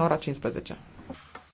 la ora 15.